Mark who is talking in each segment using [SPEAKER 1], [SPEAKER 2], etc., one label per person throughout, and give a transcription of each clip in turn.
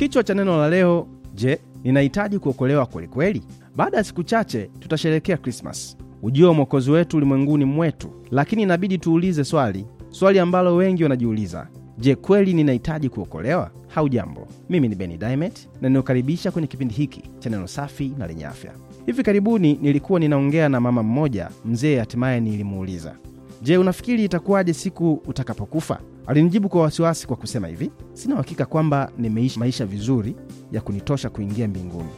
[SPEAKER 1] Kichwa cha neno la leo, je, ninahitaji kuokolewa kwelikweli? Baada ya siku chache tutasherekea Krismas, ujio wa mwokozi wetu ulimwenguni mwetu, lakini inabidi tuulize swali, swali ambalo wengi wanajiuliza: je, kweli ninahitaji kuokolewa? hau jambo mimi ni Beni Dimet na ninaokaribisha kwenye kipindi hiki cha neno safi na lenye afya. Hivi karibuni nilikuwa ninaongea na mama mmoja mzee, hatimaye nilimuuliza Je, unafikiri itakuwaje siku utakapokufa? Alinijibu kwa wasiwasi kwa kusema hivi, sina uhakika kwamba nimeishi maisha vizuri ya kunitosha kuingia mbinguni.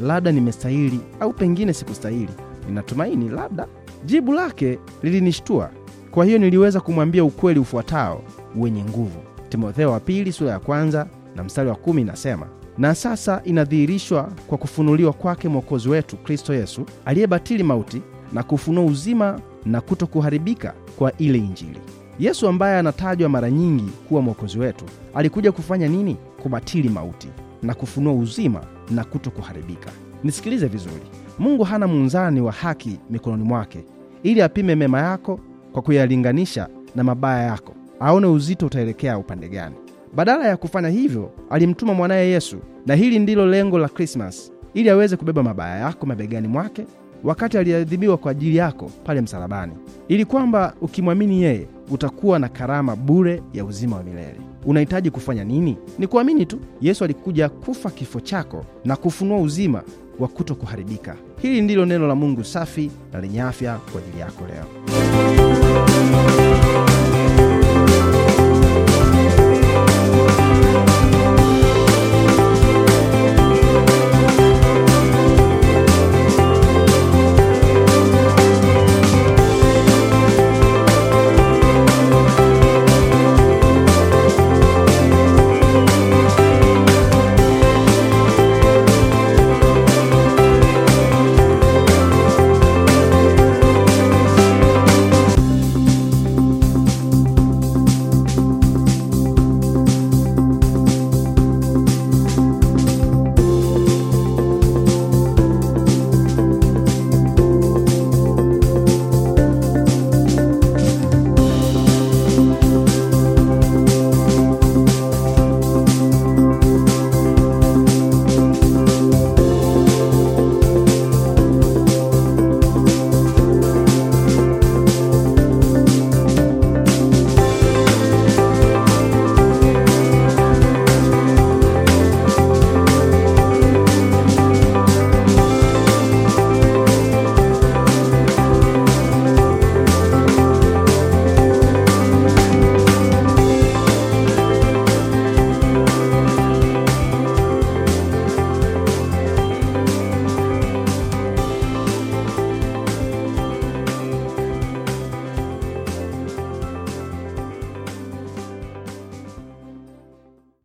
[SPEAKER 1] Labda nimestahili au pengine sikustahili. Ninatumaini labda. Jibu lake lilinishtua. Kwa hiyo niliweza kumwambia ukweli ufuatao wenye nguvu. Timotheo wa pili sura ya kwanza na mstari wa kumi inasema na sasa inadhihirishwa kwa kufunuliwa kwake Mwokozi wetu Kristo Yesu, aliyebatili mauti na kufunua uzima na kuharibika kwa ile Injili. Yesu ambaye anatajwa mara nyingi kuwa mwokozi wetu alikuja kufanya nini? Kubatili mauti na kufunua uzima na kutokuharibika. Nisikilize vizuri, Mungu hana muunzani wa haki mikononi mwake ili apime mema yako kwa kuyalinganisha na mabaya yako, aone uzito utaelekea upande gani. Badala ya kufanya hivyo, alimtuma mwanaye Yesu, na hili ndilo lengo la Krismasi, ili aweze kubeba mabaya yako mabegani mwake wakati aliadhibiwa kwa ajili yako pale msalabani, ili kwamba ukimwamini yeye utakuwa na karama bure ya uzima wa milele. Unahitaji kufanya nini? Ni kuamini tu. Yesu alikuja kufa kifo chako na kufunua uzima wa kuto kuharibika. Hili ndilo neno la Mungu safi na lenye afya kwa ajili yako leo.